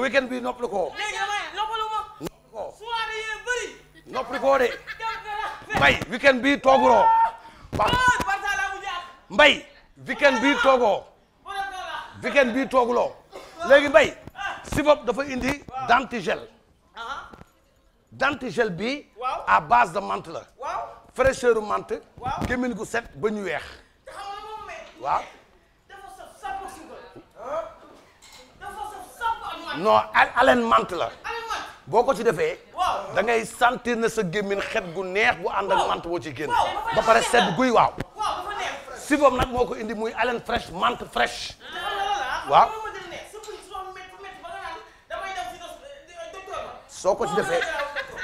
weekend bi noppalu koo. léegi damay noppalu de. mbay weekend bi tooguloo. Oh, mbay. weekend bii toogoo. Oh, weekend bii tooguloo. léegi mbay. Ah. si bopp dafa indi. dentigel. dentigel bi. à base de menthe la. fraîcheur menthe. gémmiñ gu set ba ñu weex. non mant la boo ko ci defee da ngay sentir na sa gémmin xet gu neex gu ànd ak mante boo ci génn ba pare sedd guy waaw si boobu nag moo ko indi muy haleine fraîche menthe fraîche waaw soo ko ci defee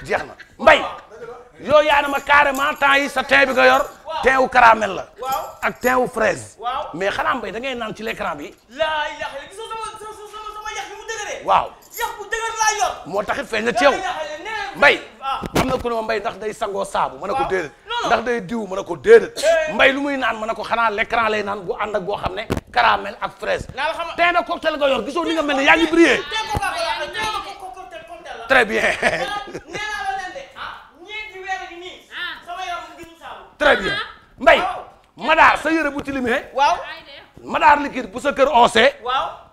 jeex na mbay yow yaa na ma carrément temps yi sa teint bi nga yor teint wu caramel la ak teint wu fraise mais xanaa mbay da naan ci l'écran bi waaw yàq bu dëgër laa moo taxit feeñ na teew mbay ah. am na ku ne ma mbay ndax day sangoo saabu mën a ko déedéet ndax day diw mën a ko déedéet eh. mbay lu muy naan ma a ko xanaa l'écran lay naan bu ànd ak boo xam ne caramel ak fraise tey nag cocktail nga yor gisoo ni nga mel ne yaa ngi brillé très bien ah, ah. très bien mbay madaar sa yëre bu tilimee waaw madaar liquide bu sa kër once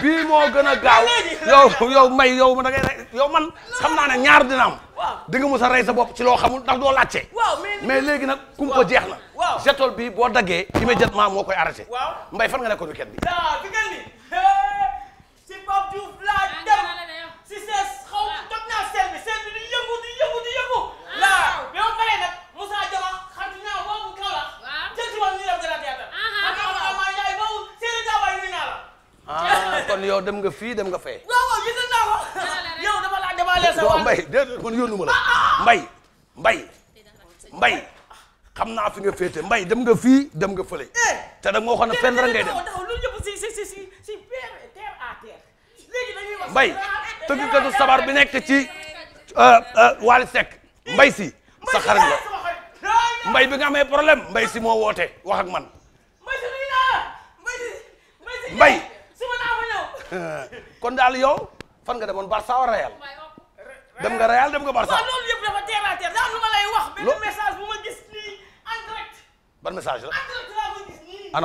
bii moo gën a gaaw yow yow may yow da ngay yow man xam naa ne ñaar dina am di nga mos a rey sa bopp ci loo xamul ndax doo laajte mais léegi nag kumpa jeex na jetol bi boo daggee immédiatement moo koy arrêté mbay fan nga nekkoon weekend bi si Pape Diouf laa ah, dem ah. si sees xaw ah. toog naa seen bi seen bi di yëngu di yëngu di yëngu laa mais ba pare nag Moussa Diama xam naa woowu kaw la jël ci wàllu ñu dem gën a ah kon yow dem nga fii dem nga fee. waaw waaw gis ko. yow dama laa mbay la. mbay mbay mbay naa fi nga féete mbay dem nga fii dem nga fële. te da nga ma waxoon ne fenn rek dem. si si si si si sabar bi nekk ci Wally Seck mbay si sa xarit la bi nga amee problème mbay si moo woote wax ak man mbay kon daal yow fan nga demoon Barça wa Real dem nga Real dem nga Barça. waaw loolu yëpp ban message la en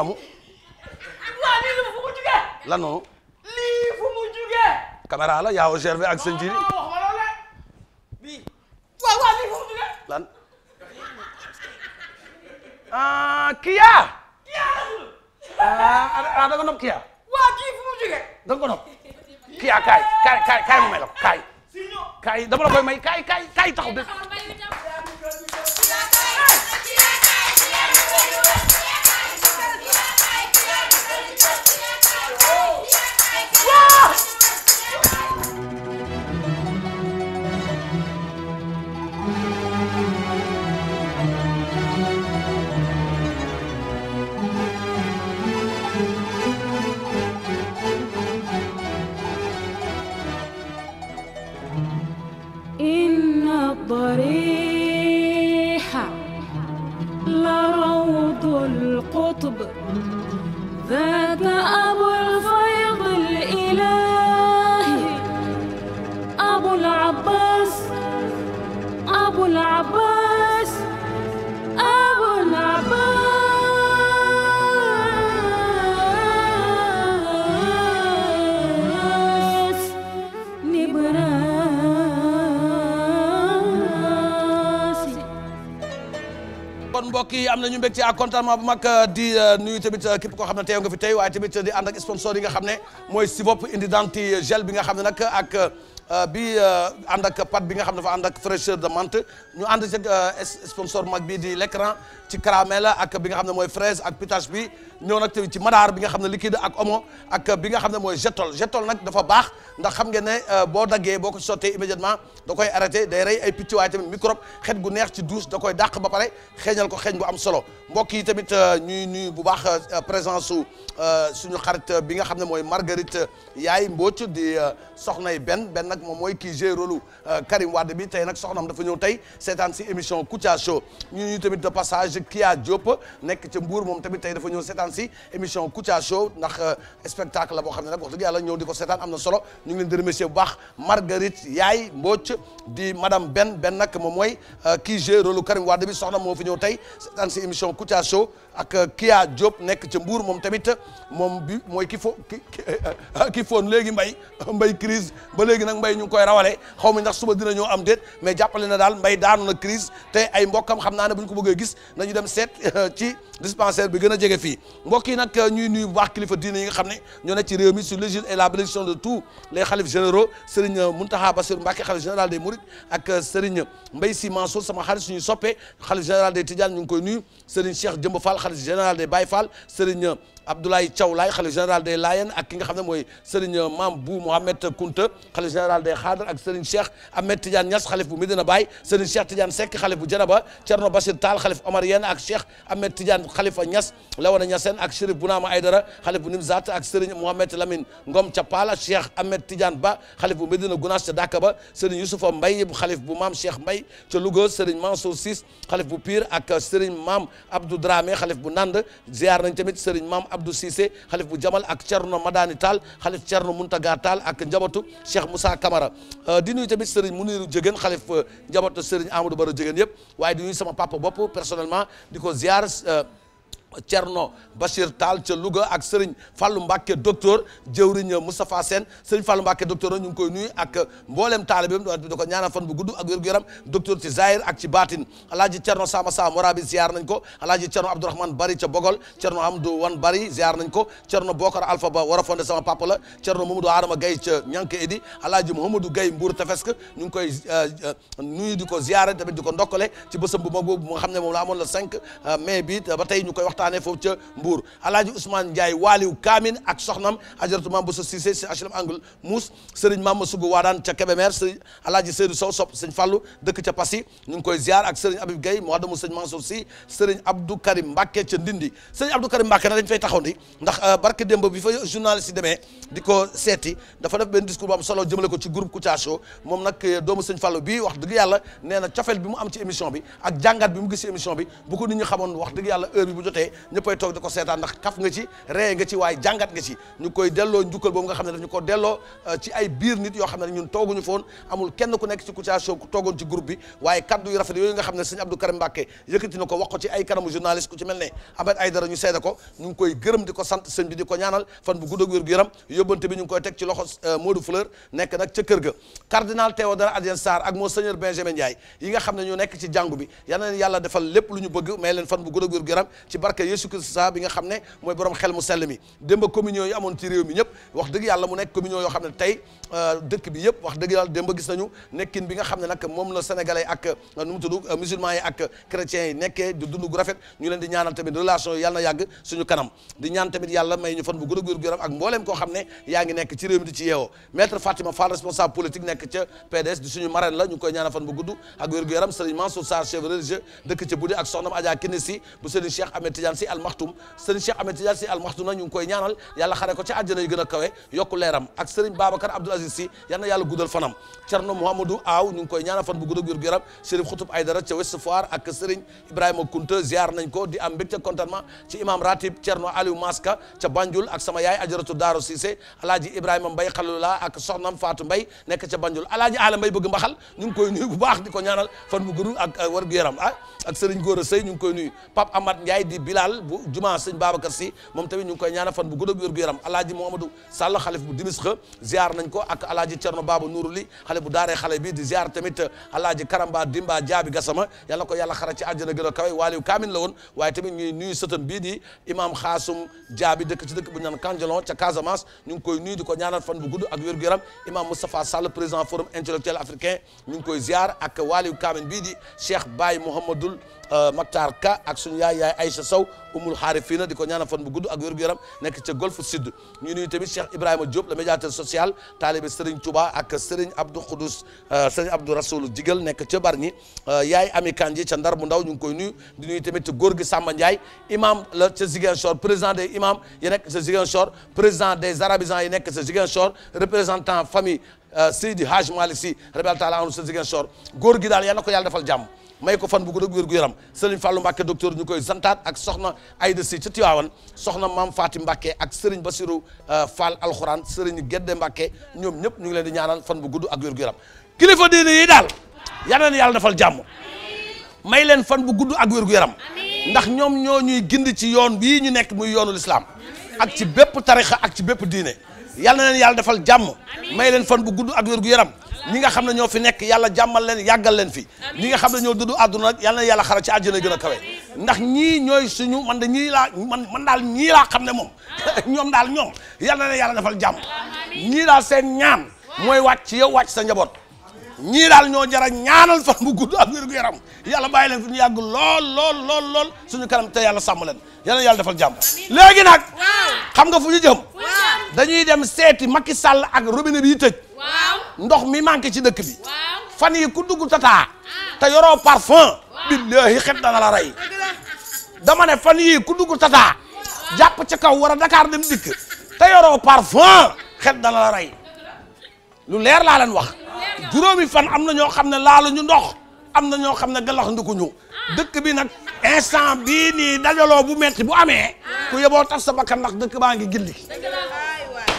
direct lan noonu. lii fu mu lan. ah Kia. Kia. ah ah, ah waa kii fu mu jógee. da nga ko nopp kii yaa ah, kaay kaay kaay kaay mu may la ko kaay. kaay dama la koy may kaay kaay kaay taxaw de. ضريحة لروض القطب ذات أبو الفيض الإلهي أبو العباس أبو العباس mbokk yi am nañu mbégte ak contentement bu mag euh, di euh, nuyu tamit euh, képp koo xam ne teew nga fi tey waaye tamit di ànd ak sponsor yi nga xam ne mooy Sivop indi danti gel bi nga xam ne nag ak Euh, bi euh, ànd ak pat bi nga xam ne dafa ànd ak fraîcheur de menthe ñu ànd ci euh, sponsor mag bi di l'écran ci caramel ak bi nga xam ne mooy fraise ak pitache bi ñëw nag tamit ci madaar bi nga xam ne liquide ak omo ak bi nga xam ne mooy jetol jetol nag dafa baax ndax xam ngeen ne boo daggee boo ko sotee immédiatement da koy arrêté day rey ay picc waaye tamit microbe xet gu neex ci douche da koy dàq ba pare xeeñal ko xeeñ bu am solo mbokk yi tamit euh, ñuy nuyu bu baax euh, présence su euh, suñu xarit bi nga xam ne mooy Marguerite yaay Mbodj di soxnay benn benn moom mooy kii joué rôle Karim Wade bi tey nag soxnaam dafa ñëw tey seetaan si émission Kouthia Show ñu nuyu tamit de passage Kia Diop nekk ca Mbour moom tamit tey dafa ñëw seetaan émission Kouthia ndax spectacle la boo xam ne nag wax dëgg yàlla ñëw di ko seetaan am na solo ñu ngi leen di remercier bu baax Marguerite yaay Mbodj di madame benn benn nag moom mooy kii joué rôle Karim Wade bi soxnaam moo fu ñëw tey seetaan si émission Kouthia ak euh, Kia Diop nekk ca Mbour moom tamit moom bi mooy ki fo ki ki euh, foon léegi mbay mbay crise ba léegi nag mbay ñu koy rawale xaw ma ndax suba dina ñoo am déet mais jàppale na daal mbay daanu na crise te ay mbokkam xam naa ne bu ñu ko bëggee gis nañu dem seet euh, ci dispensaire bi gën a jege fii mbokk yi nag ñuy nuyu bu baax kilifa diine yi nga xam ne ñoo nekk ci réew mi sur l'égide et la bénédiction de tous les khalifes généraux Serigne Mountakha Bassirou Mbacké khalife général des sama xarit suñu soppe khalife général des Tidianes ñu ngi koy nuyu Serigne Cheikh Jëmba xarit général des Baye Fall Serigne Abdoulaye Thiaw Laye xalif général des ak ki nga xam ne mooy Serigne Mame Bou Mohamed Kounta xalif général des Khadr ak Serigne Cheikh Ahmed Tidiane Niass xalif bu Medina Baye Serigne Cheikh Tidiane Seck xalif bu Djenaba Thierno Bachir Tall xalif Omarien ak Cheikh Ahmed Tidiane xalifa Niass Lawana Niassène ak Chérif Bounama Aydara xalif bu Nimzat ak Serigne Mohamed Lamine Ngom Thiapala Cheikh Ahmed Tidiane Ba xalif bu Medina Gounass ca Daka ba Serigne Youssoufa bu Mame Cheikh Mbaye ca Louga bu Pire ak Serigne Mame Abdou Dramé Abdou Cissé xalif bu Jamal ak Thierno Madani Tall xalif Thierno Muntaga Tall ak njabootu Cheikh Moussa Camara euh, di nuyu tamit Serigne Muniru Jégéen xalif euh, njabootu Serigne Amadou Baro Jégéen yëpp waaye di nuyu sama papa bopp personnellement di ko euh, Cerno Bachir Tall ca Louga ak Serigne Fallou Mbacke docteur jëwriñ Moustapha Sène Serigne Fallou Mbacke docteur ñu ngi koy nuyu ak mboolem taalibeem da ko ñaanal fan bu gudd ak wér-gu-yaram docteur ci Zahir ak ci baatin alaaji Cerno Sama Sama Morabi ziar nañ ko alaaji Cerno Abdourahmane Bari ca Bogol Cerno Hamdou Wan Bari ziar nañ ko Cerno Bokar Alpha Ba war a fonde sama papa la Cerno Mamadou Adama Gaye ca Ñanke Edi alaaji Mouhamadou Gaye Mbour Tefesk ñu ngi koy euh, euh, nuyu di ko ziare tamit di ko ndokkale ci bésam bu mag xam ne moom la amoon la 5 euh, mai bi ba ñu koy wax waxtaanee foofu ca Mbour alaaji Ousmane Ndiaye waaliw Kaamin ak soxnam ajaratu Mame Bousso Cissé si HLM Angle Mousse Serigne Mame Sougou Waadaan ca Kébémer Serigne alaaji Seydou Sow sopp Serigne Fallou dëkk ca Passy ñu ngi koy ziar ak Serigne Habib Gueye muaddamu Serigne Mansour Sy Serigne Abdou Karim Mbacke ca Ndindi Serigne Abdou Karim euh, ko ci groupe Kouthia Show moom nag euh, doomu Serigne Fallou bi wax dëgg yàlla nee na bi mu am ci émission bi ak nit ñi xamoon wax dëgg yàlla heure bi bu jotee jàllee ñëppay toog di ko seetaan ndax kaf nga ci ree nga ci waaye jàngat nga ci ñu koy delloo njukkal boobu nga xam ne daf ñu ko delloo euh, ci ay biir nit yoo xam ne ñun tooguñu nga ci ay kanamu journaliste ku ci mel ne ak wér euh, gu Benjamin Ndiaye yi nga xam ne ñu nekk ci jàngu bi yal na defal lépp lu ñu bëgg may fan bu gudd ak wér ci barke barke Yesu Christ sa bi nga xam ne mooy borom xel mu sell mi communion yi amoon ci réew mi ñëpp wax dëgg yàlla mu nekk communion yoo xam ne tey euh, dëkk bi yëpp wax dëgg yàlla démba gis nañu nekkin xam ne nag moom la sénégalais ak euh, nu euh, yàlla na a góor góoram nekk ci réew mi di ci yeewoo maître Fatima Fall responsable politique nekk ca PDS di suñu marraine la ñu koy ñaanal fan bu gudd ak wér gu yaram sëriñ Mansour Sarr chef religieux dëkk ca Budi ak soxnam Adja Kinisi Tidiane si almaxtum sëriñ Cheikh Ahmed Tidiane si almaxtum nag ñu ngi koy ñaanal yàlla xare ko ci àjjana yu gën a kawe yokku leeram ak sëriñ Babacar Abdoul Aziz si yal na yàlla guddal fanam Thierno Mouhamadou Aw ñu ngi ak wér gu yaram Chérif Khoutoub Aïdara ca West Foire ak sëriñ Ibrahima Kounta ziar nañ ko di am mbégte contentement ci imam ratib Thierno Aliou Banjul ak sama yaay ajaratu Daaro Cissé alaaji koy nuyu bu di ko ñaanal fan bu gudd ak euh, wér gu yaram ah koy nuyu Pape Amad Ndiaye di daal bu juma sëñ Babacar si moom tamit ñu ngi koy ñaanal fan bu gudd ak wér-gu-yaram alaaji Mohamadou Sall xalif bu Dimisxa ziar nañ ko ak alaaji Cerno Baabu Nuuru li bu daaree xale bi di ziar tamit alaaji Karamba Dimba Jaabi Gasama yàlla ko yàlla xara ci àjjana gën a kawe waaliyu kaamin la woon waaye tamit ñuy nuyu sëtam bii di imam Xaasum Jaabi dëkk ci dëkk bu ñu naan ca Casamance ñu ngi koy nuyu di ko ñaanal fan bu gudd ak wér-gu-yaram imam Moustapha Sall président forum intellectuel africain ñu ngi koy ziar ak waaliyu kaamin bii di Euh, Matar Ka ak suñu yaay yaay Aïcha Sow umul xaarifiina di ko ñaana fon bu gudd ak wér-gu-yaram nekk ca golfe sud ñu nuyu tamit Cheikh Ibrahima Diop le médiateur social taalibe Serigne tuba ak Serigne Abdou Khoudous euh, Serigne Abdou Rasoul Jigal nekk ca Bargny euh, yaay Ami Kandji ca Ndar bu ndaw ñu ngi koy nuyu di nuyu tamit góor gi Samba Ndiaye imam la ca Ziguinchor président des imams yi nekk ca président des arabisans yi nekk ca Ziguinchor représentant famille Seydi Hadj Malick Sy rabbi taala anu sa Ziguinchor góor gi daal yal na ko yàlla defal jàmm may ko fan bu ko dëgg wér gu yaram Serigne Fallou Mbacke docteur ñu koy santaat ak soxna Aïda Sy ca Tiwaawan soxna Maam Faati Mbacke ak Serigne Bassirou euh, Fall alxuraan Serigne Gedde Mbacke ñoom ñëpp ñu ngi leen di ñaanal fan bu gudd ak wér gu yaram kilifa diine yi daal yal na yàlla defal jàmm may leen fan bu gudd ak wér gu yaram ndax ñoom ñoo ñuy gind ci yoon bii ñu nekk muy yoonu lislaam ak ci bépp tarixa ak ci bépp diine yàlla na leen yàlla defal jàmm may leen fan bu gudd ak wér gu yaram ñi nga xam ne ñoo fi nekk yàlla jàmmal leen yàggal leen fi ñi nga xam ne ñoo dudd àdduna nag yàlla na yàlla xara ci àjjana gën a ndax ñii ñooy suñu man da ñii laa man man daal ñii laa xam ne moom ñoom daal ñoom yàlla na leen yàlla defal jàmm ñii daal seen ñaam mooy wàcc ci yow wàcc sa njaboot ñii daal ñoo jara ñaanal fan bu gudd ak wér gu yaram yàlla bàyyi leen fi ñu yàgg lool lool lool lool suñu kanam te yàlla sàmm leen yàlla yàlla defal jàmm léegi nag xam nga fu ñu jëm dañuy dem seeti Macky Sall ak robinet bi ndox mi manqué ci dëkk bi fan yi ku dugg tataa ah. te yoroo parfum billahi xet dana la rey dama ne fan yii ku dugg tataa jàpp ci kaw wara a Dakar dem dikk te yoroo parfum xet dana la lu leer laa leen wax juróomi fan am na ñoo xam ne laalu ñu ndox am na ñoo xam ne galax ndukuñu dëkk bi nag instant bii nii dajaloo bu metti bu amee ku yeboo tas sa bakkan ndax dëkk baa ngi gilli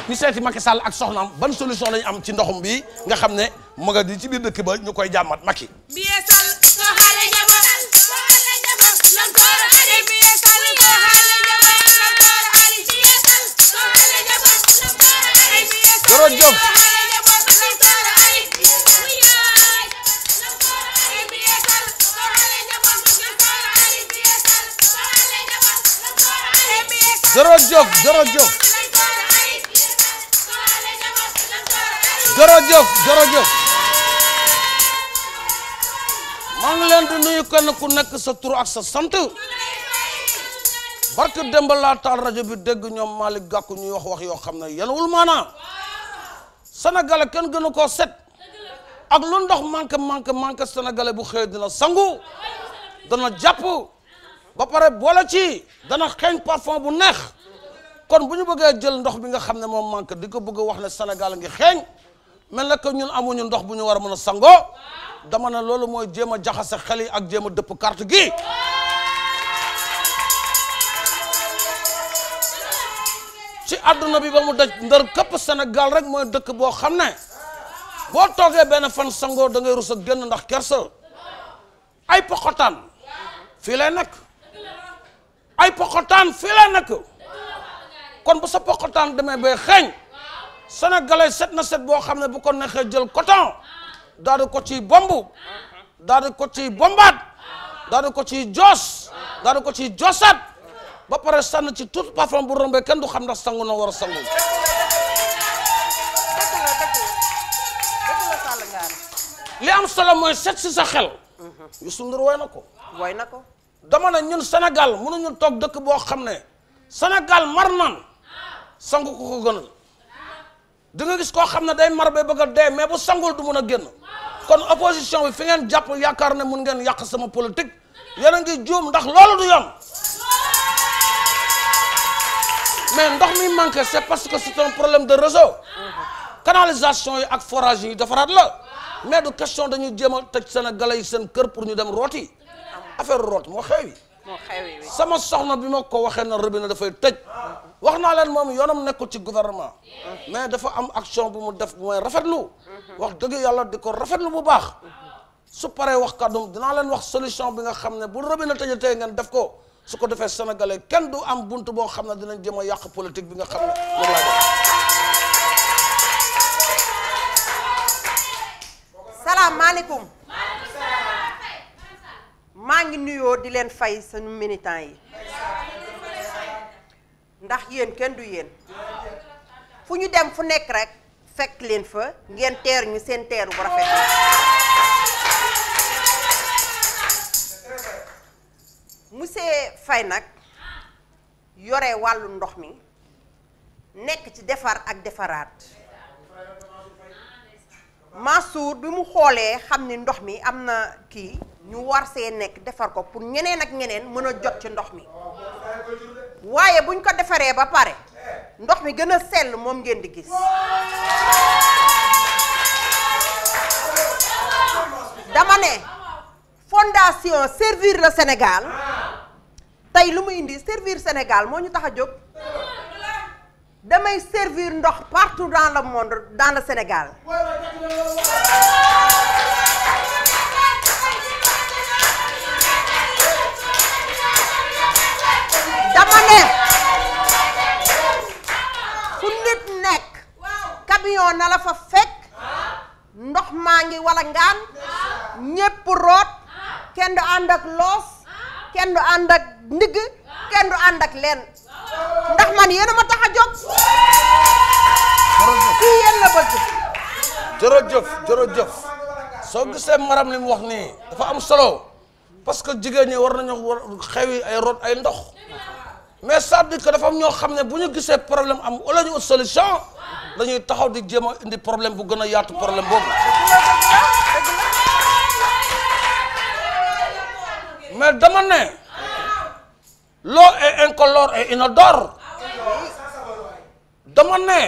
ñu seeti Macky Sall ak soxnaam ban solution lañu am ci ndoxum bi nga xam ne magadi ci biir dëkk ba ñu koy jàmmat Macky jërëjëf jërëjëf jërëjëf jërëjëf maa ngi leen kenn ku nekk sa tur ak sa sant barke demba laa taal rajo bi dégg ñoom Malick Gakou ñuy wax wax yoo xam ne yéen wul maanaa sénégalais kenn gënu koo set ak lu ndox manqué manqué manqué sénégalais bu xëy dina sangu dana jàpp ba pare boole ci dana xeeñ parfum bu neex kon bu ñu bëggee jël ndox bi nga xam ne moom manque di ko bëgg wax ne Sénégal ngi xeeñ mel na que ñun amuñu ndox bu ñu war a mën a sangoo dama ne loolu mooy jéem a jaxase xel yi ak jéem a dëpp carte gi ci àdduna bi ba mu daj ndar këpp Sénégal rek mooy dëkk boo xam ne boo toogee benn fan sangoo da ngay rus a génn ndax kersa ay poxotaan fii lay nekk ay poqotaan fii la kon bu sa poqotaan demee bay xeeñ sénégalais set na set boo xam ne bu ko neexee jël coton daal di bombu daal di ko ciy bombaat daal di ko ciy joos daal di ba pare sànn ci tout parfum bu rombee kenn du xam ndax sangu na war a sangu li am solo mooy set si sa xel Youssou Ndour woy na ko woy na ko dama ne ñun Sénégal mënuñu toog dëkk boo xam ne Sénégal mar naan sangu ko gënal di gis koo xam ne day mar bay bëgg a dee mais bu sangul du mun a génn kon opposition bi fi ngeen jàpp yaakaar ne mun ngeen yàq sama politique yéen a ngi juum ndax loolu du yoon mais ndox mi manqué c'est parce que c'est un problème de réseau canalisation yi ak forage yi defaraat la mais du question dañuy jéem a tëj Sénégalais yi seen kër pour ñu dem rooti affaire root moo xewi moo xewi sama soxna bi ma ko waxee na robinet dafay tëj wax naa leen moom yoonam nekkul ci gouvernement mais dafa am action bu mu def mooy rafetlu wax dëgg yàlla di ko rafetlu bu baax su paree wax kàddum dinaa leen wax solution bi nga xam ne bu robinet tëjatee ngeen def ko su ko defee sénégalais kenn du am buntu boo xam ne dinañ jéem a yàq politique bi nga xam ne moom laa def salaamaaleykum maa ngi nuyoo di leen fay sunu militants yi ndax yéen kenn du yéen fu ñu dem fu nekk rekk fekk leen fa ngeen teer ñu seen teeru bu rafet monsieur fay nag yore wàllu ndox mi nekk ci defar ak defaraat Mansour bi mu xoolee xam ni ndox mi am na kii ñu war see nekk defar ko pour ñeneen ak ñeneen mën a jot ci ndox mi waaye buñ ko defaree ba pare ndox mi gën a sell moom ngeen di gis dama ne fondation servir le Sénégal tey lu mu indi servir Sénégal moo ñu tax a jóg damay servir ndox partout dans le monde dans le Sénégal nelaw na la fa fekk maa ngi wala ngaan ñépp root kenn du ànd ak kenn du ànd ndigg kenn ànd ak leen ndax man yéen a ma tax a jóg kii yéen la bëgg jërëjëf jërëjëf soo gisee maram li mu wax nii dafa am solo parce que jigéen ñi war nañu war xewi ay root ay ndox mais ça veut dire que dafa ñoo xam ne bu ñu gisee problème am wala ñu ut solution dañuy taxaw di jéem a indi problème bu gën a yaatu problème boobu mais dama loo l'eau est incolore et inodore dama ne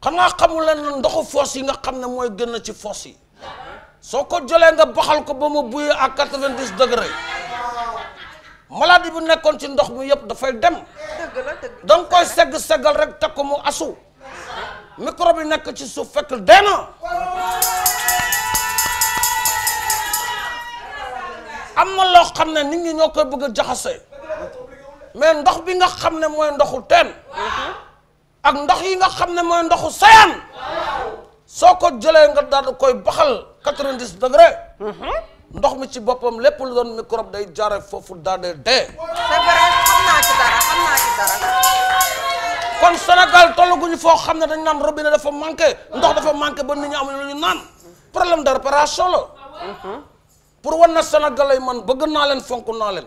xanaa xamu leen ndoxu fosse yi nga xam ne mooy génn ci fosse yi soo ko jëlee nga baxal ko ba mu buyee a quatre-vingt-dix bu nekkoon ci ndox mu yëpp dafay dem danga koy segg seggal rek teg ko mu asu micro bi nekk ci suuf fekk dee na am loo xam ne nit ñi ñoo koy bëgg a jaxase mais ndox bi nga xam ne mooy ndoxu teen ak ndox yi nga xam ne mooy ndoxu sayaan soo ko jëlee nga daal di koy baxal quatre ndox mi ci boppam lépp lu doon microbe day jaare foofu daal di dee. kon Sénégal ñu foo xam ne dañ naan robinet dafa manqué ndox dafa manqué ba nit ñi amuñu lu ñu naan problème de réparation la pour wan na Sénégalais yi man bëgg naa leen fonk naa leen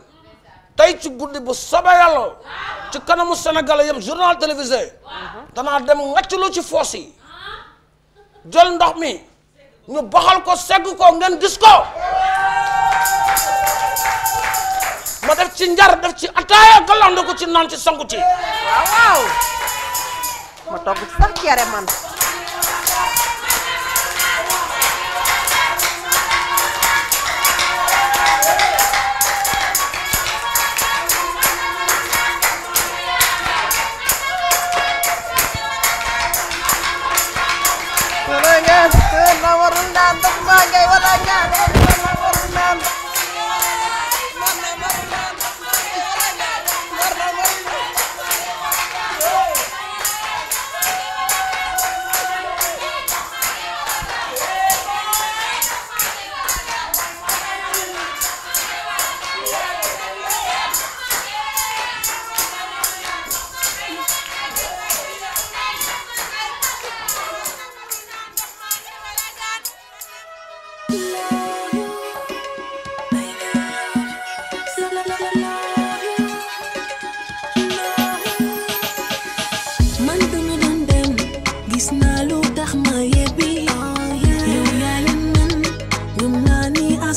tey ci guddi bu soobee ci kanamu Sénégalais yëpp journal télévisé danaa dem ngaccalu ci foos yi jël ndox mi ñu baxal ko segg ko ngeen gis ma def ci njar def ci ataaya galandu ko ci naan ci sanguti waaw ma togg ci sax cere man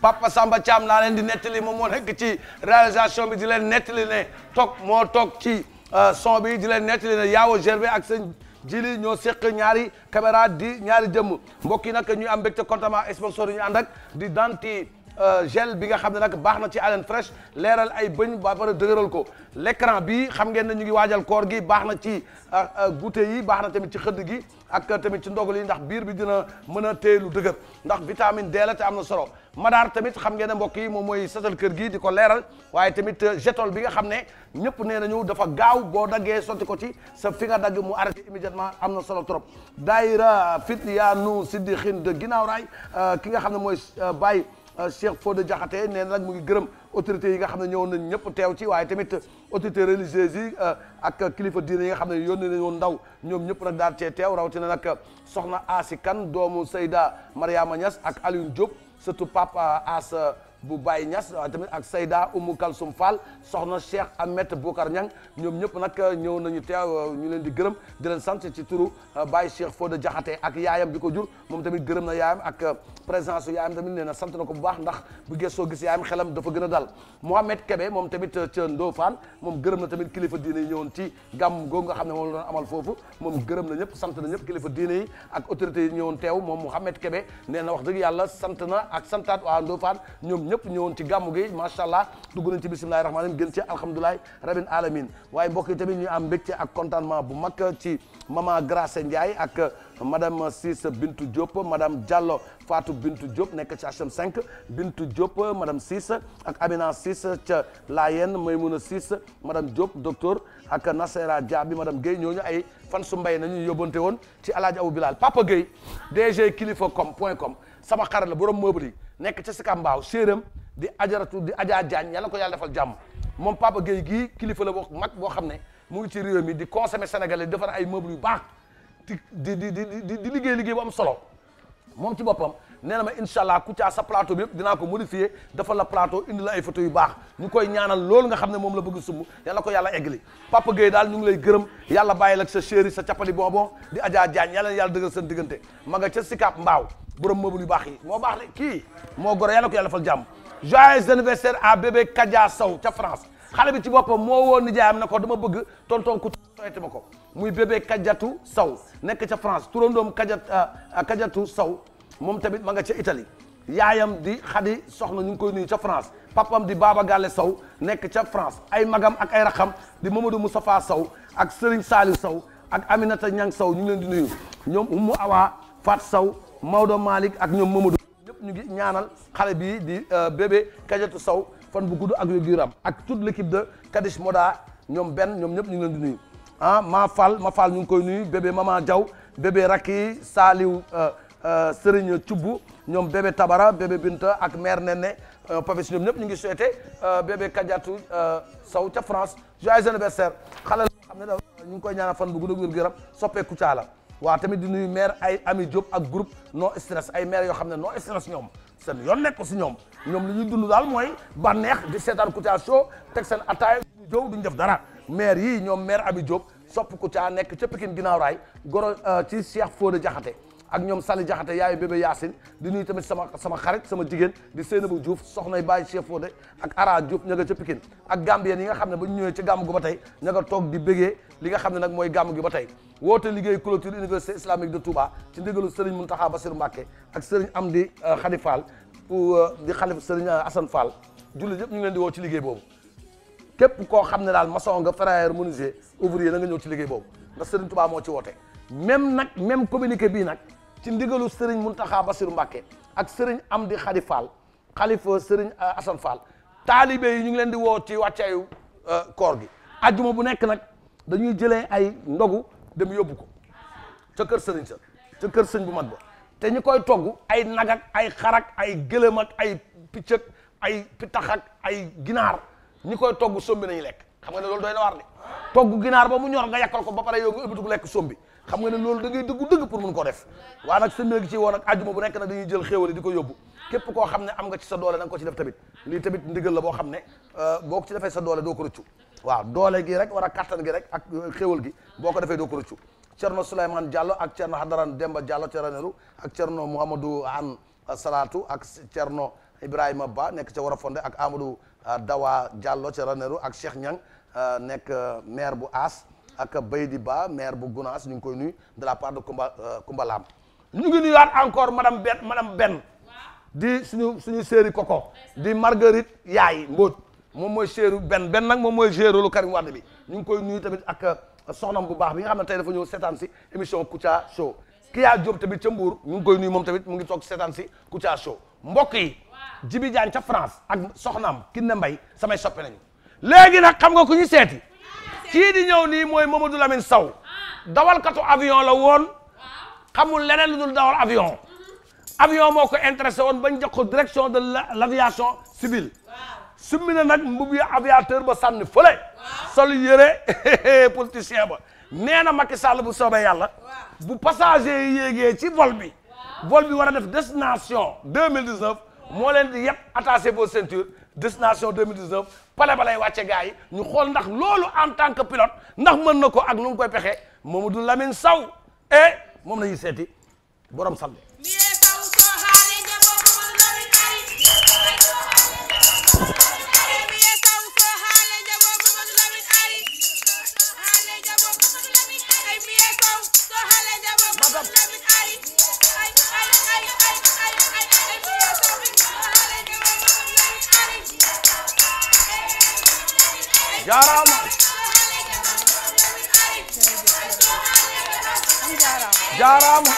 Papa Samba Thiam laa leen di moo moo nekk ci réalisation bi di leen nettali ne toog moo toog ci euh, son bi di leen nettali ne yaaw gerbe ak seen jili ñoo seq ñaari caméra di ñaari jëmm mbokk yi nag ñuy am mbégte contentement sponsor yi ñu ànd ak di danti euh, gel bi nga xam ne nag baax na ci haleine fraîche leeral ay bëñ ba pare dëgëral ko l'écran bi xam ngeen ne ñu ngi waajal koor gi baax na ci euh, goûter yi baax na tamit ci xëdd gi ak tamit ci ndogal yi ndax biir bi dina mën a téye lu dëgër ndax vitamine D la te am na solo madaar tamit xam ngeen ne mbokk yi moom mooy setal kër gi di ko leeral waaye tamit euh, jetol bi nga xam ne ñëpp nee nañu dafa gaaw boo daggee sotti ko ci sa fi nga dagg mu arrêté immédiatement am na solo trop daayira Fityaanu Siddiqin de ginnaaw raay euh, ki nga xam ne mooy euh, Baye Cheikh Fodé Diakhaté nee na nag mu ngi gërëm autorités yi nga xam ne ñëwoon nañ ñëpp teew ci waaye tamit autorités religieuses yi euh, ak kilifa diine yi nga xam ne yónni nañu ndaw ñoom ñëpp nag daal cee teew rawatina nag soxna Asi Kan doomu sayda Mariama Niass ak Alioune Diop surtout Papa As euh, bu Baye Niass waaye tamit ak Sayda Oumou Kalsoum Fall soxna Cheikh Ahmed Bokar Niang ñoom ñëpp nag euh, ñëw nañu teew euh, ñu leen di gërëm di leen sant ci turu euh, Baye Cheikh Fodé Diakhaté ak yaayam bi ko jur moom tamit gërëm na yaayam ak présence su yaayam tamit nee na sant na ko bu baax ndax bu gëstoo gis yaayam xelam dafa gën a dal Mohamed Kébé moom tamit ca Ndofane moom gërëm na tamit kilifa diine yi ñëwoon ci gàmm googu nga xam ne moom la doon amal foofu moom gërëm na ñëpp sant na ñëpp kilifa diine yi ak autorité yi ñëwoon teew moom Mohamed Kébé nee na wax dëgg yàlla sant na ak santaat waa Ndofane ñoom ñëpp ñëwoon ci gàmmu gi macha allah dugg nañ ci bisimilahi rahmaani rahim gën ci alhamdulilahi rabbil alamin waaye mbokk yi tamit ñu am mbégte ak contentement bu mag ci maman Grace Ndiaye ak madame Cissé Bintou Diop madame Diallo faatu Bintou Diop nekk ci HM5 bintu Diop madame Cissé ak Amina Cissé ca Layène Maymouna Cissé madame Diop docteur ak Nasera Diaby madame Guèye ñooñu ay fan su mbay nañu yóbbante woon ci El Hadj Abou Bilal Papa Guèye DG kilifa com point com sama xarit la borom meuble yi nekk ca Sicap Mbao séeram di ajaratu di Adja Diagne yàlla ko yàlla defal jàmm moom Papa Gueye gi kilifa la boo mag boo xam ne mu ngi ci réew mi di consommer sénégalais defar ay meubles yu baax di di di di di liggéey liggéey bu solo moom ci boppam nee na ma incha allah Kouthia sa plateau bi yëpp dinaa ko modifier dafa la plateau indi la ay photos yu baax ñu koy ñaanal loolu nga xam ne moom la bëgg sumb yàlla ko yàlla eggali Papa Gueye daal ñu lay gërëm yàlla bàyyi la sa chéri sa capali booboo di Adja Diagne yàlla yàlla dëggal seen diggante ma nga ca Sicap Mbaaw borom meuble yu baax yi moo baax de kii moo goro yàlla ko yàlla fal jàmm joyeux anniversaire à bébé kajaa Sow ca France xale bi ci boppam moo woon nijaayam na ko dama bëgg tonton ku ma ko muy bébé Kadiatu Sow nekk ca France turandoom Kadiat euh, Kadiatu Sow moom tamit ma nga ca Italie yaayam di xadi soxna ñu ngi koy nuyu ca France papam di Baba Galle saw nekk ca France ay magam ak ay raxam di Mamadou Moustapha saw ak Serigne Saliou saw ak Aminata Niang Sow ñu ngi leen di nuyu ñoom Oumou Awa Fat Sow Maodo Malick ak ñoom Mamadou ñëpp ñu ngi ñaanal xale bii di euh, bébé Kadiatou Sow fan bu gudd ak yu ram ak toute l'équipe de Kadish Moda ñoom benn ñoom ñëpp ñu ngi ma di nuyu ah Mafal ñu ngi koy nuyu bébé Maman Diaw bébé Raki Saliou euh, Euh, Serigne Thioub ñoom bébé Tabara bébé Binta ak mère Nene euh, Pape si ñoom ñëpp ñu ngi souhaité euh, bébé Kadiatou Sow ca France joyeux anniversaire xale la xam ne da ñu ngi koy ñaanal fan bu gudd ak wér gu yaram soppeeku caala waaw tamit maire ay Ami Diop ak groupe non stress ay maire yoo xam ne non stress ñoom seen yoon nekk si ñoom ñoom li ñuy dund daal mooy bànneex di seetaan Kouthia Show teg seen attaay duñu jow duñu def dara maire yii ñoom mair Ami Diop sopp Kouthia nekk ca Pikine ginnaaw raay goro ci Cheikh Fodé Diakhaté ak ñoom Sali Jaxate yaayu bébé Yacine di nuyu tamit sama sama xarit sama jigéen di Seynabou Diouf soxnay Baye Cheikh Fodé ak Ara Diouf ña ca Pikine ak Gambien yi nga xam ne ba ñu ñëwee ci gàmm gu ba tey ña toog di bégee li nga xam ne nag mooy gàmm gi ba tey woote liggéey clôture université islamique de Touba ci ndigalu Serigne Mountakha Bassirou Mbacké ak Serigne Amdi euh, Khady Fall euh, di xalif Serigne euh, Assane Fall jullit yëpp ñu leen di woo ci liggéey boobu képp koo xam ne daal maçon nga ferrailleur menuisier ouvrier na ñëw ci liggéey boobu ndax Serigne Touba moo ci woote même nag même communiqué bii nag ci ndigalu Serigne Mountakha Bassirou Mbacké ak Serigne Amdi Khady Fall xalifa Serigne euh, Assane Fall taalibe yi ñu ngi leen di woo ci wàccaayu euh, koor gi ajuma bu nekk nag dañuy jële ay ndogu dem yóbbu ko ca kër Serigne sa ca kër sëñ bu mag ba te ñu koy togg ay nag ay xar ay gëlëm ay picc ak ay pitax ak ay ginaar ñi koy togg sombi nañu lekk xam nga ne loolu doy na waar de togg ginaar ba mu ñor nga yàkkal ko ba pare yow nga ëbbatu lekk sombi xam nga ne loolu da ngay dëggu dëgg pour mun ko def waaye nag sa néeg ci woon ak àjjuma bu nekk nag dañuy jël xéewal di ko yóbbu képp koo xam ne am nga ci sa doole da nga ko ci def tamit lii tamit ndigal la boo xam ne euh, boo ko ci defee sa doole doo ko rëccu waaw doole gi rek war a kattan gi rek ak euh, xéewal gi boo ko defee doo ko rëccu Cerno Souleymane Diallo ak Cerno Hadaran Demba Diallo Ceraneru ak Cerno Mouhamadou An Salatu ak Cerno Ibrahima Ba nekk ca Warafonde ak Amadou euh, Dawa Diallo Ceraneru ak Cheikh Niang nekk maire bu As ak Baydi Ba maire bu Gounass ñu ngi koy nuyu de la part de Kumba Kumba euh, Lam ñu ngi nuyuwaat encore madame Ben madame Ben di suñu suñu séeri koko di Marguerite Yaay mboot moom mooy séeru Ben Ben nag moom mooy géeralu Karim Wade bi ñu ngi koy nuyu tamit ak euh, soxnam bu baax bi nga xam ne tey dafa ñëw seetaan si émission Kouthia Show Kya Diop tamit ca Mbour ñu koy nuyu moom tamit mu ngi toog seetaan si Kouthia Show mbokk yi Jibi Jaan ca France ak soxnaam Kiné Mbaye samay soppe nañu léegi nag xam nga ku ñu seeti kii di ñëw nii mooy Mamadou Lamine Sow dawalkatu avion la woon xamul leneen lu dul dawal avion avion moo ko intéressé woon bañ jox ko direction de l' aviation civile na nag mbubb yi aviateur ba sànni fële sol yëre politicien ba nee na Macky Sall bu soobee yàlla bu passager yi yéegee ci vol bi vol bi war a def destination deux mille moo leen di yëpp attachez vos ceintures destination 2019 pale balay wàcce gars yi ñu xool ndax loolu en tant que pilote ndax mën na ko ak nu mu koy pexe Mamadou Lamine Sow e moom la ñuy seeti borom sàmm jaaraama eh, jaaraama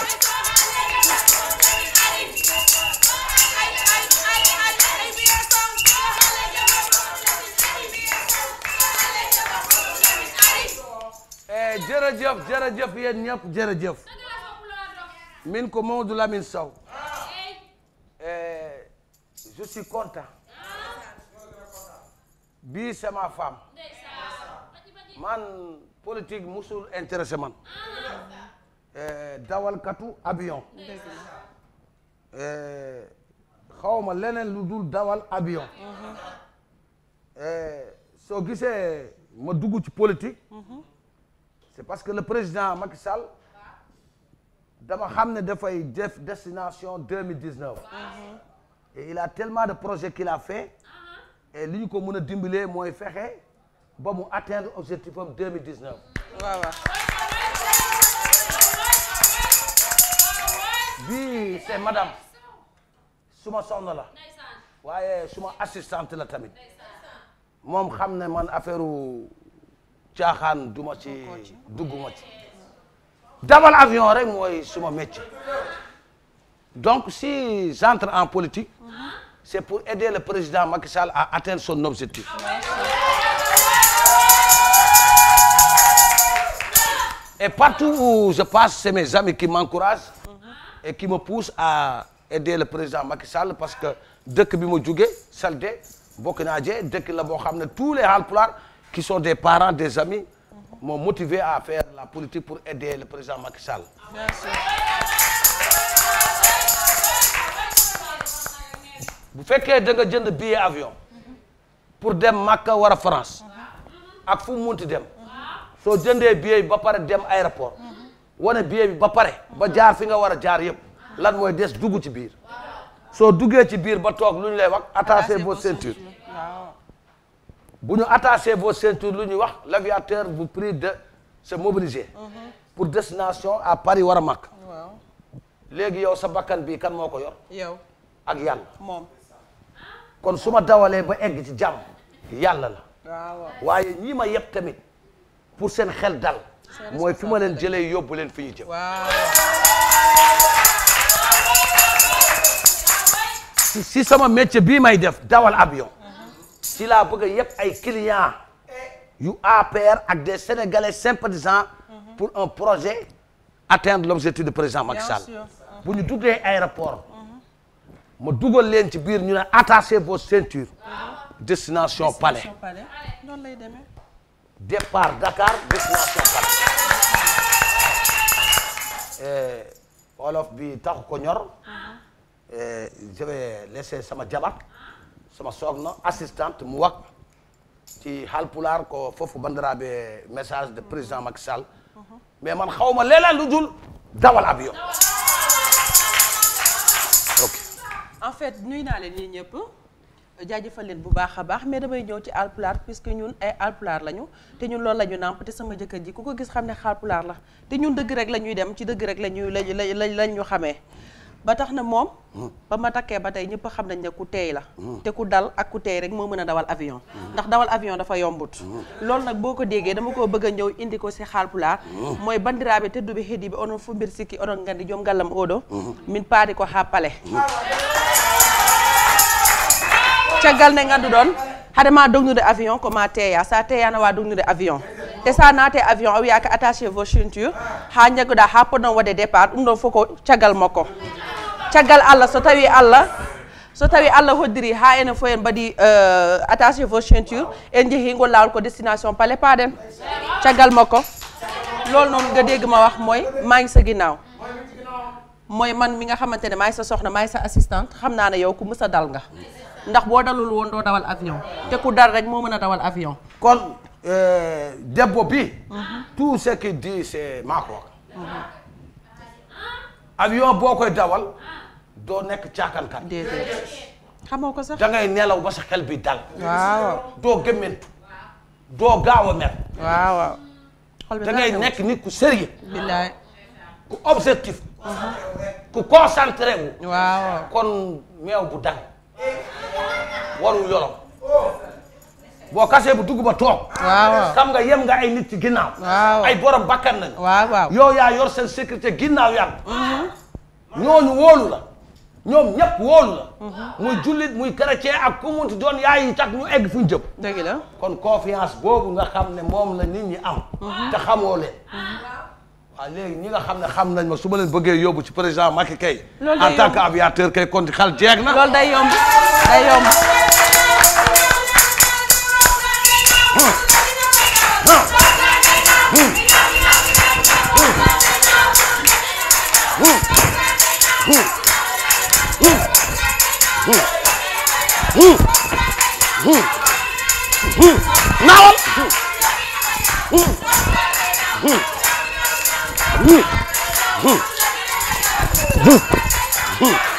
jërëjëf jërëjëf yéen ñëpp jërëjëf min ko Maodo Lamine Sow eh, je suis content bii c'est ma femme man politique musul intéressé man eh, dawalkatu avion eh, ma leneen lu dul dawal avion eh, soo gisee ma dugg ci politique c'est parce que le président Macky Sall dama xam ne dafay def destination deux mille dix neuf et il a tellement de projet kila a fait et li ñu ko mën a dimbalee mooy fexe ba mu atteindre objectif am 2019. waaw waaw. bii c'est madame suma soxna la waaye suma assistante la tamit moom xam na man affaire caaxaan duma ci dugguma ci dawal avion rek mooy suma métier donc si j'entre en politique. Uh-huh. c'est pour aider le président Macky Sall à atteindre son objectif. Et partout où je passe, c'est mes amis qui m'encouragent et qui me poussent à aider le président Macky Sall parce que dëkk bi ma jóge Saldé Bokinadjé dëkk la boo xam ne tous les Halpulaar qui sont des parents des amis m'ont motivé à faire la politique pour aider le président Macky Sall. bu fekkee da nga jënd billet avion pour dem Màkka war a France ak fu munti dem soo jëndee billet bi ba pare dem aéroport wane billet bi ba pare ba jaar fi nga war a jaar yëpp lan mooy des dugg ci biir soo duggee ci biir ba toog lu ñu lay wax attachez vos ceintures bu ñu attachez boo ceintures lu ñuy wax l'aviateur vous prie de se mobiliser pour destination à Paris war a Màkka léegi yow sa bakkan bii kan moo ko yor yow ak yàlla kon su ma dawalee ba egg ci jàmm yàlla la waaye ñii ma yëpp tamit pour seen xel dal mooy fi ma leen jëlee yóbbu leen fi ñu jëm si sama métier bii may def dawal avion si la bëgg a yëpp ay client yu APR ak des sénégalais sympathisants pour un projet atteindre l'objectif de président Macky Sall bu ñu duggee aéroport ma dugal leen ci biir ñu ne attachez vos ceintures ah. destination palais noonu lay demee départ Dakar destination palais wolof ah. eh, bi taxu ko ñor ah. eh, je vais laisser sama jabar sama soxna assistante mu wax ci halpulaar ko foofu bandiraaɓe message de président Macky Sall uh-huh. mais man xawma leneen lu dul dawal avion en fait nuy naa leen ñii ñëpp jaajëfal leen bu baax a baax mais damay ñëw ci alpulaar puisque ñun ay alpulaar lañu te ñun loolu la ñu nàmp te sama jëkkër ji ku ko gis xam ne alpulaar la te ñun dëgg rek lañuy dem ci dëgg rek la ñuy la la la ñu xamee ba tax na moom ba ma takkee ba tey ñëpp xam nañ ne ku teey la te ku dal ak ku teey rek moo mën a dawal avion ndax dawal avion dafa yombut loolu nag boo ko déggee dama koo bëgg a ñëw indi ko si Haalpulaar mooy bandiraaɓe tedduɓe heediɓe onon fof mbir sikki onon nganndi joom ngallam oɗo min paari ko haa pale caggal nde ngannduɗon hade ma dognude avion ko ma teeya sa teeyana wa dognude avion tessanate avion o wiya ko attaché vos ceinture ha jagoɗa ha poɗon waɗe départ ɗum ɗon fof ko caggal makko caggal allah so tawi allah so tawi allah hoddiri ha enen fof ba di euh, attaché vos ceinture en jeehi ngol lawol ko destination palais paɗen caggal ko loolu noonu nga dégg ma wax mooy maa ngi sa ginnaaw mooy man mi nga xamante ne maay sa soxna maay sa assistante xam naa ne yow ku mës a dal nga ndax boo dalul woon doo dawal avion te ku dal rek moo mën a dawal avion Euh, debbo bi tout ce qu'il dit c'est maakooka avion boo koy dawal doo nekk caakankat xamoo ko ngay nelaw ba sa xel bi dal waaw doo gëmmentu doo gaaw a mer waaw nekk nit ku sérieux billaay ku objectif ku concentré wu kon meew bu dang warul yoroom boo kasee bu dugg ba toog. waaw xam nga nga ay nit ci ginnaaw. waaw ay bakkan nañu. waaw waaw yow yaa yor seen sécurité ginnaaw yàlla. ñooñu wóolu la. ñoom ñëpp wóolu la. Mhm. muy jullit muy chrétien ak ku munti doon yaayi tax ñu egg fu ñu la kon confiance boobu nga xam ne moom la nit ñi am. Mhm. te xamoo leen. Mhm. waaw ñi nga xam ne xam nañ ma su ma leen bëggee yóbbu ci président Macky kay. en tant que aviateur kay kon xal jeeg na. loolu day yomb naawal Hmm.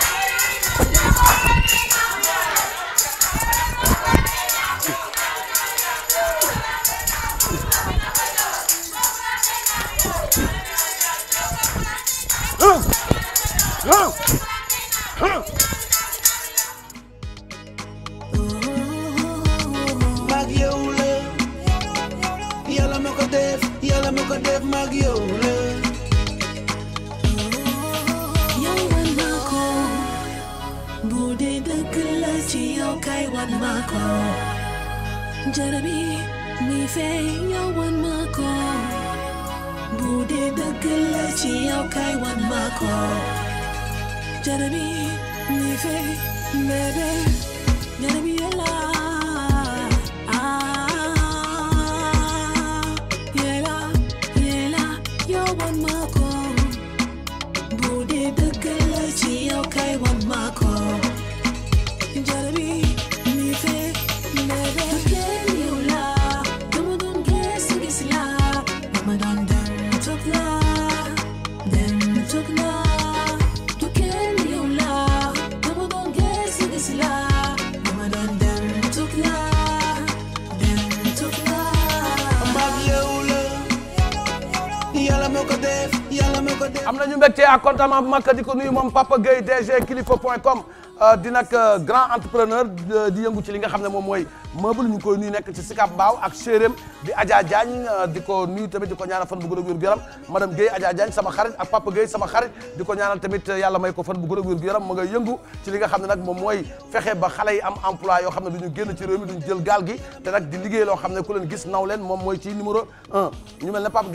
am nañu mbégte ak contentement bu mag di ko nuyu moom Papa Gueye DG kilifa point com euh, di nag euh, grand entrepreneur euh, di yëngu ci li nga xam ne moom mooy meuble ñu ngi koy nekk ci Sicap Mbao ak séeréem di Adja euh, di ko nuyu tamit di ko ñaanal fan bu gën a wér gu yaram madame Guèye Adja sama xarit ak papa sama xarit di ko ñaanal tamit yàlla may ko fan bu gën yaram ma yëngu ci li nga ne nag moom mooy fexe ba xale yi am emploi yoo xam ne du ñu génn ci réew mi du ñu jël gaal gi te nag di liggéey loo xam ne ku leen gis naw leen moom mooy ci numéro un ñu mel ne papa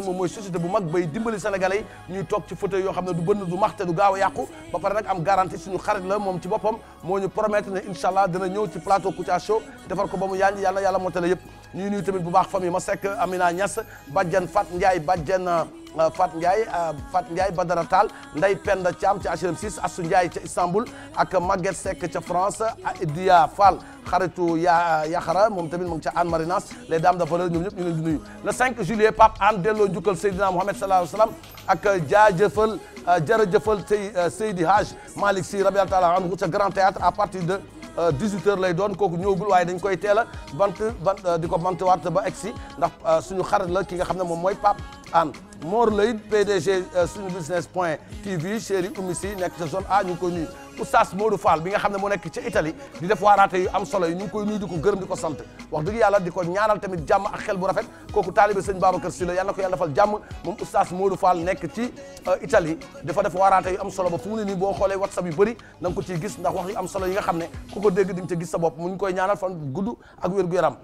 moom mooy société bu yoo xam ne du xarit la moom ci boppam moo ñu promettre ne incha allah dina ñëw ci plateau Kouthia Show defar ko ba mu yànj yàlla yàlla mottale yëpp ñuy nuyu tamit bu baax famille ma sekk a Amina Niass bàjjen Fat Ndiaye bàjjen Euh, Fat Ndiaye euh, Fat Ndiaye Badara Tall Ndeye Penda Thiam ca HLM 6 Assou Ndiaye ca Istanbul ak magget sek ca France Dia Fall xaritu ya euh, Yaxara moom tamit mu ca Anne Marinas les dames de valeur ñoom ñëpp ñu leen di nuyu le 5 juillet Pape Anne delloo njukkal Seydina Mohamed sallallahu alayhi wa sallam ak jaajëfal jërëjëfal Seydi Hadj Malick Sy radiyallahu anhu ca Grand Théâtre à partir de 18 euh, heures lay doon kooku ñëwagul waaye dañ koy teel a bant bant euh, di ko bantwaat ba egsi ndax euh, suñu xarit la ki nga xam ne moom mooy Pape Anne Mor Lay PDG suñu business point TV chéri Oumy si nekk ca zone A ñu ko nuyu oustaz Modou Fall bi nga xam ne moo nekk ca Italie di def waaraate yu am solo yi ñu koy nuyu di ko gërëm di ko sant wax dëgg yàlla di ko ñaanal tamit jàmm ak xel bu rafet kooku taalibe sëñ Babacar Sylla yàlla na ko yàlla defal jàmm moom oustaz Modou Fall nekk ci euh, Italie dafa def waaraate yu am solo ba fu mu ne nii boo xoolee WhatsApp yu bëri da nga ko ciy gis ndax wax yu am solo yi nga xam ne ku ko dégg di nga ca gis sa bopp mu ngi koy ñaanal fan gudd ak wér gu yaram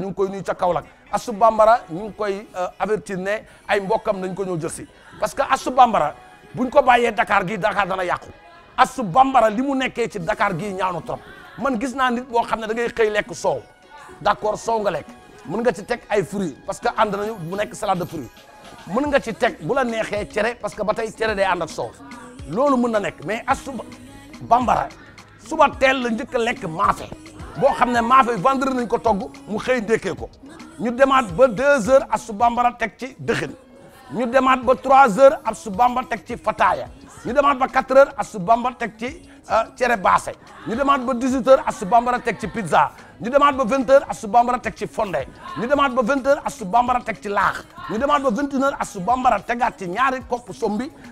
ñu ngi koy nuyu ca Kaolack Assou Bambara ngi koy euh, avertir ne ay mbokkam nañ ko ñëw jël si parce que Assou Bambara bu buñ ko bàyyee dakaar gii Dakar dana yàqu Astou Bambara li mu nekkee ci dakaar gii ñaaw na trop man gis naa nit boo xam ne da ngay xëy lekk soow d'accord soow nga lekk mun nga ci teg ay fruits parce que ànd nañu mu nekk salade de fruits mën nga ci teg bu la neexee cere parce que ba tey cere day ànd ak soow loolu mën na nekk mais Astou Bambara suba teel la njëkk lekk maafe boo xam ne maafe vendre nañ ko togg mu xëy ndékkee ko ñu demaat ba deux heures assu Bambara teg ci dëxin ñu demaat ba 3 heures ab su bamba teg ci fataaya ñu demaat ba 4 heures a su bamba teg ci euh, cere baase ñu demaat ba 18 heures ab su bambara teg ci pizza ñu demaat ba 20 heures ab su bambara teg ci fonde ñu demaat ba 20 heures ab su bambara teg ci laax ñu demaat ba 21 heures ab su tegaat ci ñaari kopp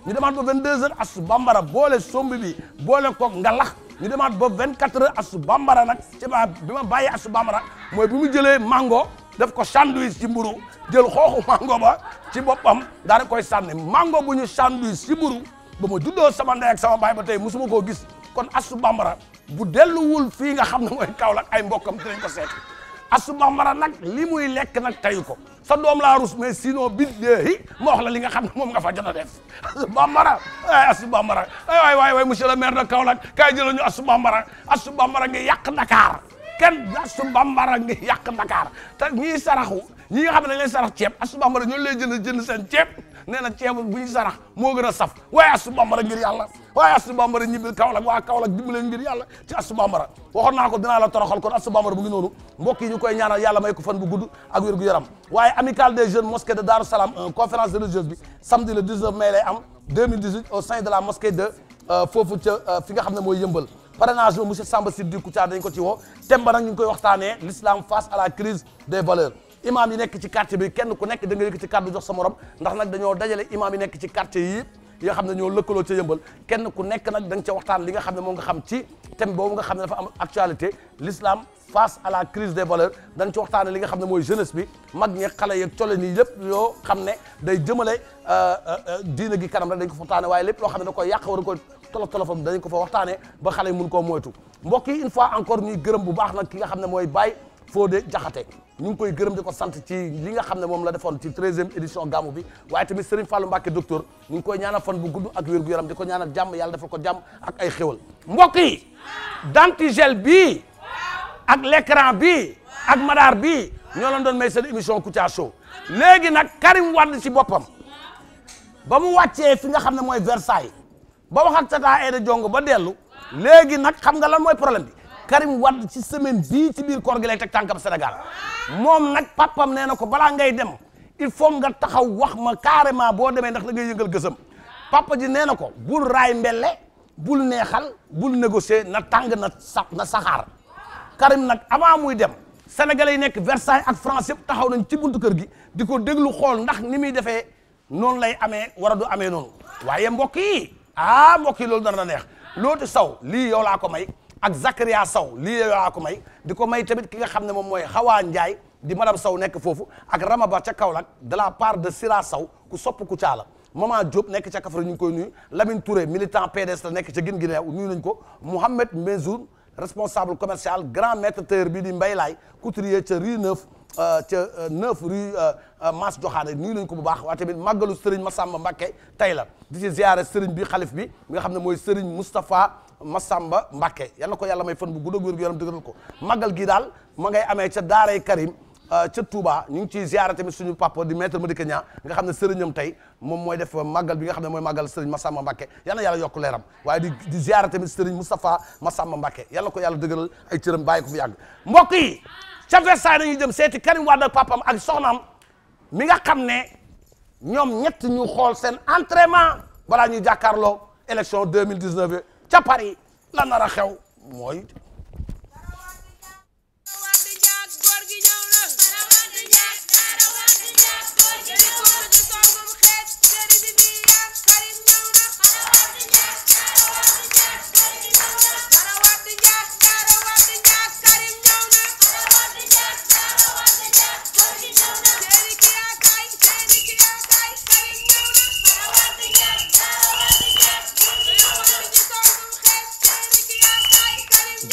ñu demaat ba 22 heures ab su bambara boole sombi bi boole koog ngalax ñu demaat ba 24 heures ab su bambara nag ci ba bi ma bàyyi ab su bambara mooy bi mu jëlee mango def ko sandwich ci mburu jël xooxu mango ba ci boppam daal koy sànni mango bu ñu sandwich ci mburu ba ma juddoo sama ndey ak sama baay ba tey musuma koo gis kon Astou Bambara bu delluwul fii nga xam ne mooy Kaolack ay mbokkam dinañ ko seeti Astou Bambara nag li muy lekk nag tayu ko sa doom laa rus mais sinon bi deehi ma la li nga xam ne moom nga fa jot a def Astou Bambara ay Astou Bambara ay waay waay waay monsieur le maire de Kaolack kaay jëlañu Astou Bambara Astou Bambara ngi yàq Dakar kenn asu bambara ngi yàq Dakar te ñiy saraxu ñi nga xam ne dañ ceeb asu bambara ñoo lay jënd ceeb nee na ceeb bu ñu sarax a saf waaye asu bambara ngir yàlla waaye asu bambara ñibbi Kaolack waa Kaolack dimbale ngir yàlla ci bambara waxoon naa ko dinaa la toroxal kon asu bambara bu ngi noonu mbokk yi ñu koy ñaanal yàlla may ko fan bu gudd ak wér gu yaram waaye amicale des jeunes mosquée de Darou Salam euh, conférence bi am euh, euh, ne mooy yëmbal parrainage ba monsieur Samba Sidibé Kouthia dañ ko ci woo thème ba nag ñu ngi koy waxtaanee l'islam face la crise des valeurs imam yi nekk ci quartier bi kenn ku nekk da nga yëkk ci kàddu jox sa yi nekk ci quartier yi yoo xam ne ñoo lëkkaloo ca yëmbal kenn ku nekk nag da nga li nga xam ne moom nga xam ci thème boobu nga xam ne dafa am la crise des valeurs dañ ci waxtaane li nga xam ne mooy jeunesse bi mag ñi xale yeeg cole nii yëpp yoo xam ne day jëmale euh, euh, euh, diina gi kanam rek dañ ko waxtaane waaye lépp loo xam ne da ko yàq war a tolof tolofam danañ ko fa waxtaanee ba xale yi mun ko moytu mbokk yi une fois encore ñuy gërëm bu baax nag ki nga xam ne mooy Baye Fodé Diakhaté ñu ngi koy gërëm de ko sant ci li nga xam ne moom la defoon ci treizième édition gàmmu bi waaye tamit Serigne Fallou Mbacke docteur ñu ngi koy ñaanal fan bu gudd ak wér gu yaram di ko ñaanal jàmm yàlla defal ko jàmm ak ay xéwal mbokk yi dentigel bi ak l'écran bi ak madaar bi ñoo leen may seen émission Kouthia Show léegi nag Karim Wade ci boppam ba mu wàccee fi nga xam ne mooy Versailles ba wax ak Tata Aida Diong ba dellu léegi nag xam nga lan mooy problème bi Karim Wade ci semaine bii ci biir koor gi lay teg tànkam senegal moom nag papam nee na ko balaa ngay dem il faut nga taxaw wax ma carrément boo demee ndax la ngay yëngal gësëm papa ji nee na ko bul raay mbelle bul neexal bul négocier na tàng na sa na saxaar Karim nag avant muy dem senegal yi nekk Versailles ak France yëpp taxaw nañ ci buntu kër gi di ko déglu xool ndax ni muy defee noonu lay amee war du amee noonu waaye mbokk yi ah mbokk yi loolu dana neex looti saw lii yow laa ko may ak Zakaria saw lii yow ko may di ko may tamit ki nga xam ne moom mooy Xawaa Njaay di madame saw nekk foofu ak Rama Ba ca Kaolack de la part de Sira saw ku sopp ku caala maman Diop nekk ca Kaffrine ñu ngi koy nuyu Lamine Touré militant PDS la nekk ca gin gineew nuyu nañ ko Mouhamed Mezoun responsable commercial grand maître tailleur bi di Mbaylaay couturier ca Rue Euh, ca 9 euh, rue euh, Mas Joxaane nuyu nañ ko bu baax waa tamit màggalu Serigne Massamba Mbacké tey la di ci ziare Serigne bi xalif bi mi nga xam ne mooy Serigne Moustapha Massamba Mbacké yal na ko yàlla may fan bu gudd ak wér gu yaram dëgëral ko màggal gi daal ma ngay amee ca daaray Karim ca Touba ñu ngi ciy ziare suñu papa di maître Madické Niang nga xam ne sëriñam tey moom mooy def màggal bi nga xam ne mooy màggal Serigne Massamba Mbacké yal na yàlla yokk leeram waaye di di ziare tamit Serigne Moustapha Massamba Mbacké yal ko yàlla dëgëral ay cëram bàyyi ko fi yàgg mbokk ca Versailles dañuy jëm seeti Karim Wade ak papam ak soxnaam mi nga xam ne ñoom ñett ñu xool seen entraînement balaa ñuy jàkkaarloo élection 2019 ca Paris la nar a xew mooy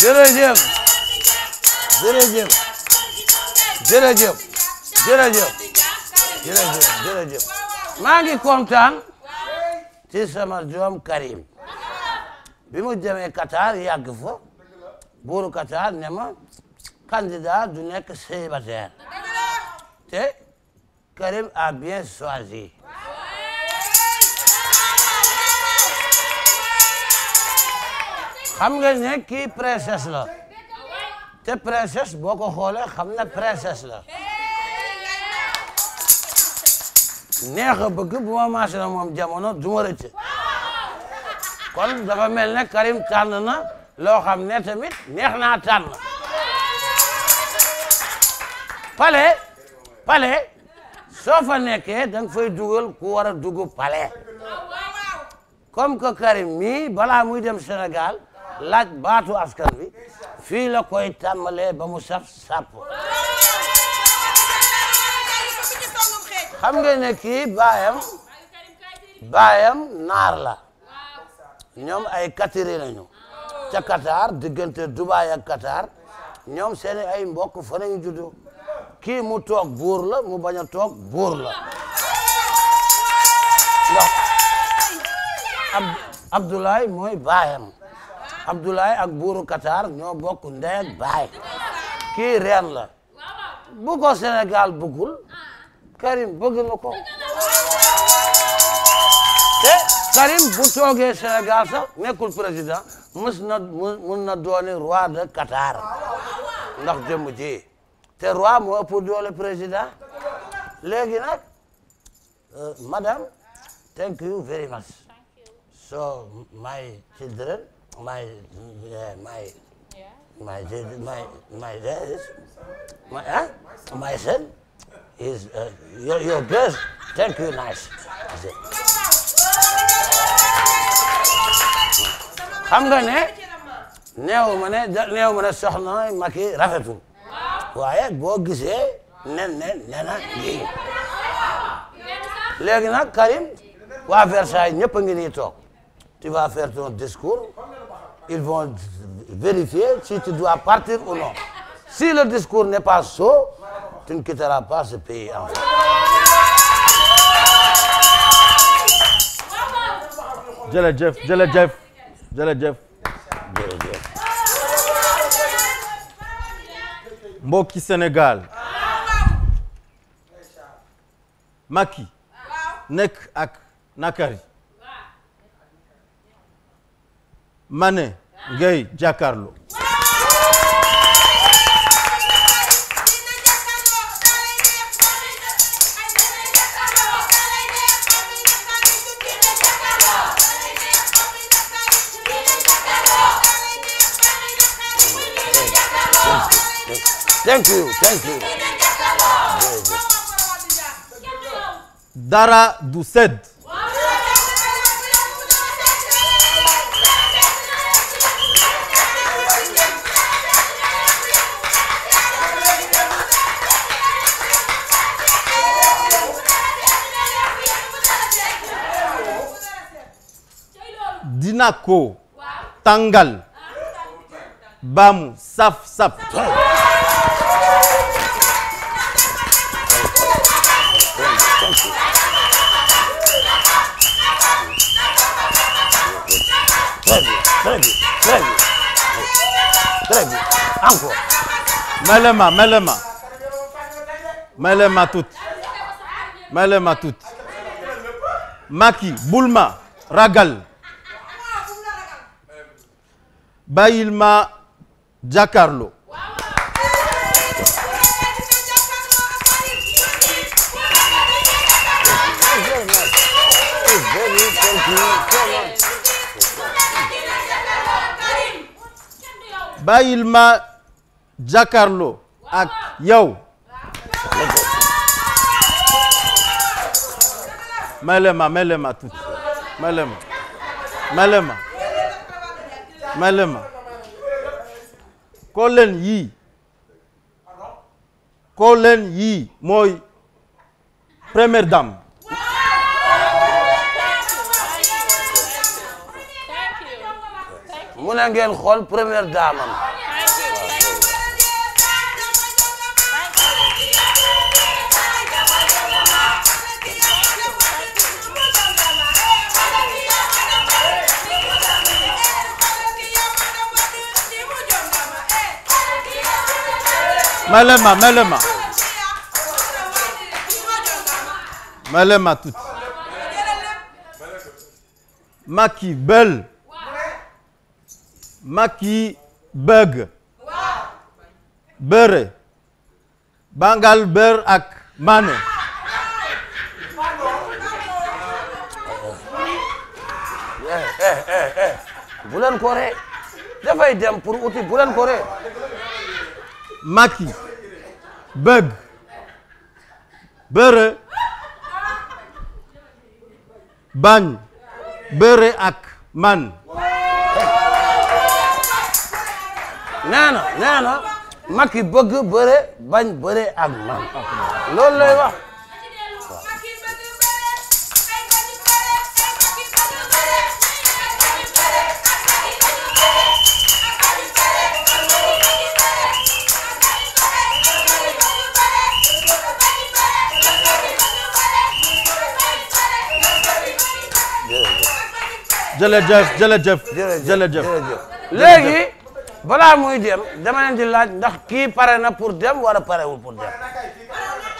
jërëjëf jërëjëf jërëjëf jërëjëf jërëjëf jërëjëf maa ngi kontaan ci sama doom Karim bi mu demee Qatar yàgg fa buuru Qatar ne ma candidat du nekk célibataire te Karim a bien choisi xam nga ne kii princesse la te princesse boo ko xoolee xam na princesse la neex a bëgg bu ma maase na moom jamono du ma kon dafa mel ne Karim tànn na loo xam ne tamit neex naa tànn pale pale soo fa nekkee da nga fay dugal ku war a dugg palais comme que Karim mii balaa muy dem Sénégal laaj baatu askan wi fii la koy tàmmalee ba mu saf sàpp xam ngeen ne kii baayam baayam naar la ñoom ay katiri nañu ca Qatar diggante Dubaay ak Qatar ñoom seeni ay mbokk fa nañu juddu kii mu toog buur la mu bañ toog buur la ndax Abdoulaye mooy baayam Abdoulaye ak buuru Qatar ñoo bokk ndey ak baay kii reen la bu ko Sénégal bëggul Karim bëgg na ko te Karim bu toogee Sénégal sax nekkul président mës na mën na dooni roi de Qatar ndax jëmm ji te roi moo ëpp doole président léegi nag euh, madame thank you very much so my children my yeah, my yeah. my my xam nga ne néew ma ne néew ma ne soxna Macky rafetul waaye boo gisee nen nen nena ngi léegi nag Karim waa Versailles ñëpp a ngi nii toog tu vas faire ton ils vont vérifier si tu dois partir ou non. Si le discours n'est pas sot, tu ne quitteras pas ce pays en fait. jërëjëf jërëjëf jërëjëf. mbokki Sénégal. Macky nekk ak Nakari. mane Gueye jàkkaarloo thank you thank dara du sedd nàkkoo tàngal baamu saf-saf Très bien. Encore. Mets les mains, Maki, Bulma, Ragal. bàyyil ma jàkkaarloo bàyyil ma jàkkaarloo ak yow may leen ma mele ma kooleen yii yii mooy première dame mu xool première dame Malema, Malema. Malema toute. Maki Bell. Bangal Bër ak Mané. Eh, eh, eh, bu leen ko ree dem pour uti bu leen Macky bëgg bëre bañ bëre ak man nee na nee na bëgg bëre bañ bëre ak man loolu lay wax jërëjëf jërëjëf jërëjëf léegi balaa muy dem dama leen di laaj ndax kii pare na pour dem wala parewul pour dem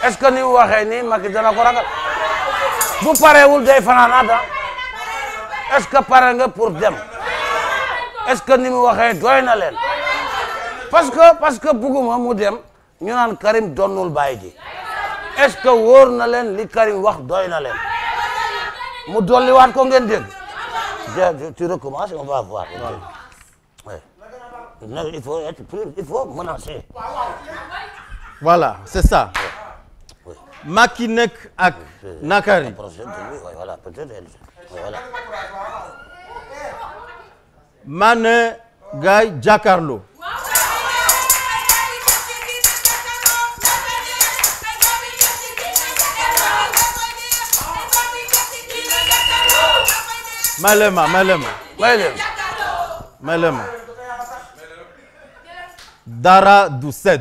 est-ce que ni mu waxee nii Macky dana ko ragal bu parewul day fanaan ada est-ce que pare nga pour dem est-ce que ni mu waxee doy na leen parce que parce que bugguma mu dem ñu naan Karim donnul bàyyi ji est-ce que wóor na leen li Karim wax doy na leen mu dolliwaat ko ngeen dégg tu recommences e e Voilà. Ouais. ça. oui nekk ak. Nakari voilà peut-être malema Dara Doucet.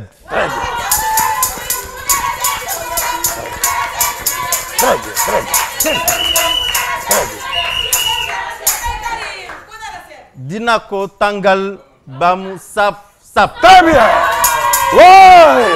Très bien. Dina ko tàngal ba mu saf saf. Très bien. Ouais.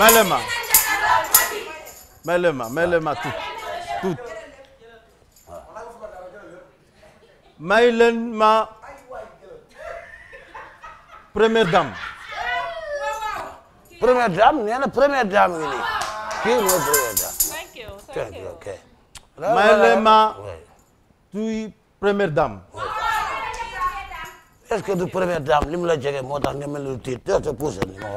Mets-le main. Mets-le main, mets May leen ma première dame. première dame nee na première dame ngi nii. kii mooy première dame. thank you ok. may leen ma tuy première dame. est que du première dame li mu la jege moo tax nga mel ni lu tiit te te pousse ni ma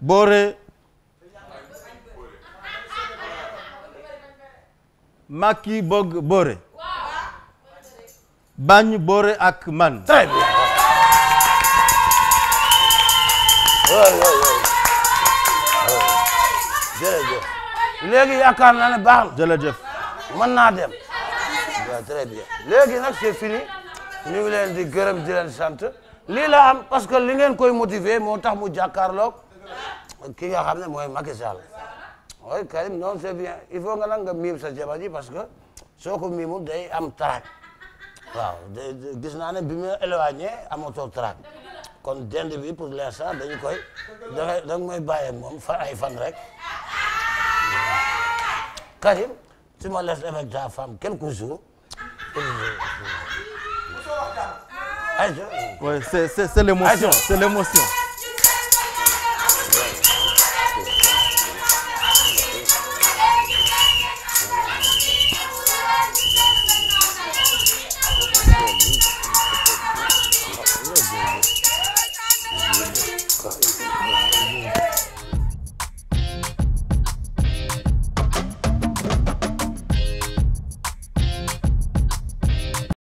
Bore Maki Bog Bore Bañ Bore ak man. Très bien. jërëjëf léegi yaakaar ne baax na jërëjëf mën naa dem waaw très léegi nag c'est fini ñu ngi leen di gërëm di sant lii la am parce que li ngeen koy motiver moo tax mu jàkkaarloog ki nga xam ne mooy Macky Sall ooy Karim non c'est bien il faut nga nag nga miim sa jabar ji parce que soo ko miimul day am trac waaw gis naa ne bi mu éloigné amatoo trac kon dend bi pour l'instant dañu koy dangay danga may bàyyi moom fa ay fan rek Karim tu me laisses avec ta femme quelques jours oui c'est c'est